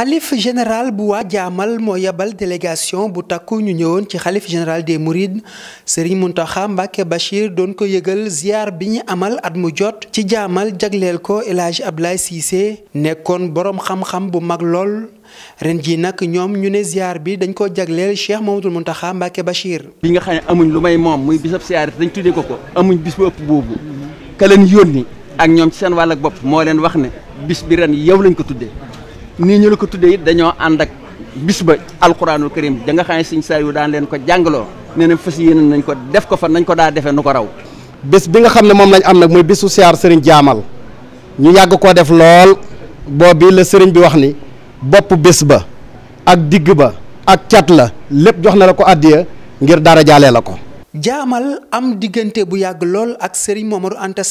xalif général bu waa jaamal moo yebal délégation bu takku ñu ñëwoon ci xalif général des Mourides Serigne Mountakha Mbacké Bachir doon ko yëgal ziar bi ñu amal at mu jot ci jaamal jagleel ko El ab Ablaye Cissé nekkoon boroom xam-xam bu mag lool ren jii nag ñoom ñu ne ziar bi dañ ko jagleel Cheikh Mamadou Mountakha Mbacké Bachir. bi nga xam ne amuñ lu may moom muy bisab siyaare dañ tuddee ko ko amuñ bis bu ëpp boobu ka leen yónni ak ñoom ci seen wàll ak bopp moo leen wax ne bis bi ren yow lañ ko tuddee. nii ñu la ko tuddee it dañoo ànd ak bis ba alxuraanul karim da nga xam ne sëñ Saliou daan leen ko jàngaloo nee na fas yéene nañ ko def ko fa nañ ko daa defee nu ko raw. bés bi nga xam ne moom lañu am nag mooy bésu siyaar sëriñ jaamal ñu yàgg koo def lool boobu la sëriñ bi wax ni bopp bés ba ak digg ba ak cat la lépp jox na la ko àddiya ngir dara jaalee la ko. jaamal am diggante bu yàgg lool ak Serigne Momadou Anta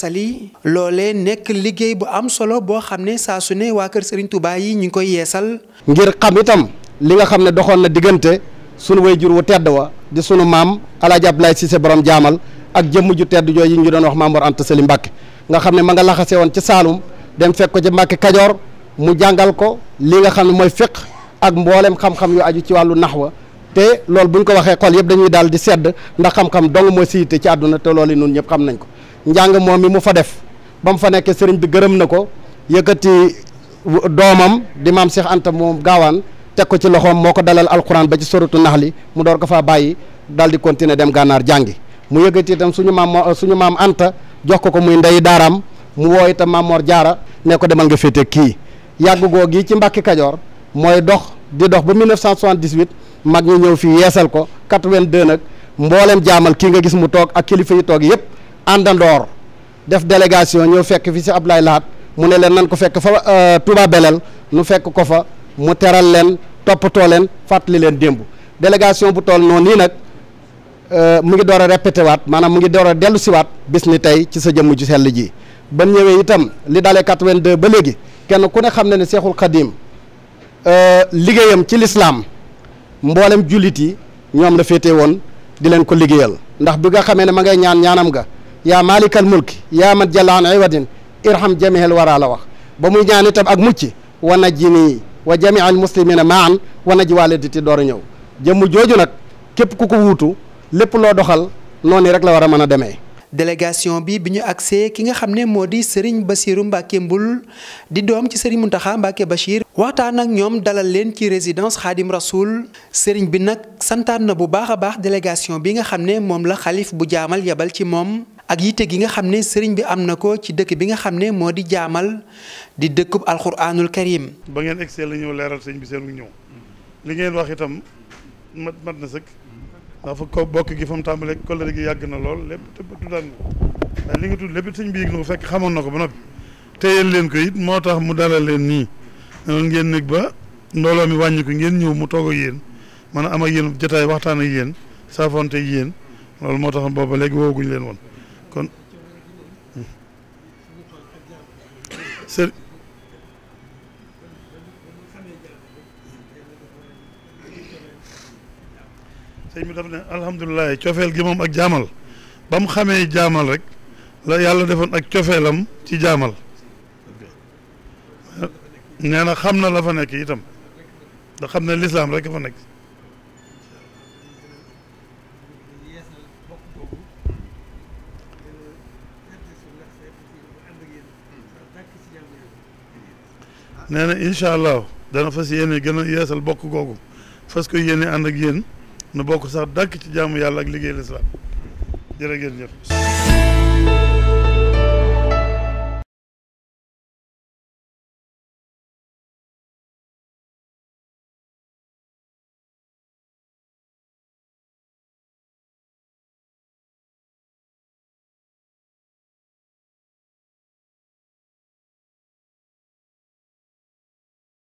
loolee nekk liggéey bu am solo boo xam ne saa su ne waa kër Serigne Touba yi ñu ngi koy yeesal. ngir xam itam li nga xam ne doxoon na diggante sunu jur wu tedd wa di sunu maam El Hadj Abdoulaye Cissé borom jaamal ak jëmm ju tedd jooju ñu doon wax Mamour Anta Sali Mbacke nga xam ne ma nga laxase woon ci Saalum dem fekk ko ci Mbacke Kajoor mu jàngal ko li nga xam ne mooy fiq ak mboolem xam-xam aju ci wàllu naxwa te loolu ñu ko waxee xol yëpp dañuy daal di sedd ndax xam-xam dong moo siite ci àdduna te lool yi nun ñëpp xam nañ ko njàng moom mi mu fa def ba mu fa nekkee sëriñ bi gërëm na ko yëkkati doomam di maam Cheikh Anta moom gaawaan teg ko ci loxoom moo ko dalal alquran ba ci soratu nax li mu door ko faa bàyyi daal di continuer dem gànnaar jàngi mu yëkkati itam suñu maam suñu maam Anta jox ko ko muy ndey daaraam mu woo itam maam Jaara ne ko demal nga féete kii yàgg goo gi ci Mbàkke Kajoor mooy dox di dox ba 1978 mag ñi ñëw fii yeesal ko 82 nag mboolem jaamal kii nga gis mu toog ak kilifa yi toog yëpp àndandoor def délégation ñëw fekk fi si Abdoulaye Lahat mu ne leen nan ko fekk fa euh, Touba Belel nu fekk ko fa mu teral leen toppatoo leen fàttali leen démb délégation bu tool noonu nii nag euh, mu ngi door a répété waat maanaam mu ngi door a dellu si waat bis ni tey ci sa jëmm ju sell ji ba ñëwee itam li dalee 82 ba léegi kenn ku ne xam ne ne Seexul Xadiim euh, liggéeyam ci lislaam mboolem jullit yi ñoom la féete woon di leen ko liggéeyal ndax bi nga xamee ne ma ngay ñaan ñaanam ga yaa maalikal mulki yaa man jalaan iwadin irham jamihel waraa la wax ba muy ñaan tam ak mucc wa najji nii wa jamii al muslimina maan wa najji waalidati door a ñëw jëmm jooju nag képp ku ko wuutu lépp loo doxal noonu rek la war a mën a demee délégation bi bi ñu agsee ki nga xam ne moo di Serigne Bassirou Mbacke Mbul di doom ci Serigne Mountakha Mbacke Bachir. waxtaan ak ñoom dalal leen ci résidence Khadim Rasoul Serigne bi nag santaan na bu baax a baax délégation bi nga xam ne moom la xalif bu jaamal yabal ci moom. ak yitte gi nga xam ne Serigne bi am na ko ci dëkk bi nga xam ne moo di jaamal di dëkkub alxuraanul karim. ba ngeen egsee la ñëw leeral sëñ bi seen ñëw li ngeen wax itam mat mat na sëkk. ndax fa ko bokk gi fa mu tàmbalee kóllëre gi yàgg na lool lépp tëb tuddaan na li nga tudd lépp sëñ bi yëg na ko fekk xamoon na ko ba noppi téyel leen ko it moo tax mu dalal leen nii ngeen nekk ba mbooloo mi wàññi ngeen ñëw mu toog ak yéen man a am ak yéen jotaay waxtaan ak yéen saafonte ak yéen loolu moo tax booba léegi wooguñ leen woon kon. Hmm. sëñ bi dafa ne alhamdulilah cofeel gi moom ak jaamal ba xamee jaamal rek la yàlla defoon ak cofeelam ci jaamal nee na xam na la fa nekk itam da xam nekk nee na incha allah dana fas yéene gën a yeesal bokk googu fas ko yéene ànd ak yéen nu bokk sax dàkk ci jaamu yàlla ak liggéey lislaam jërë ngeen jëf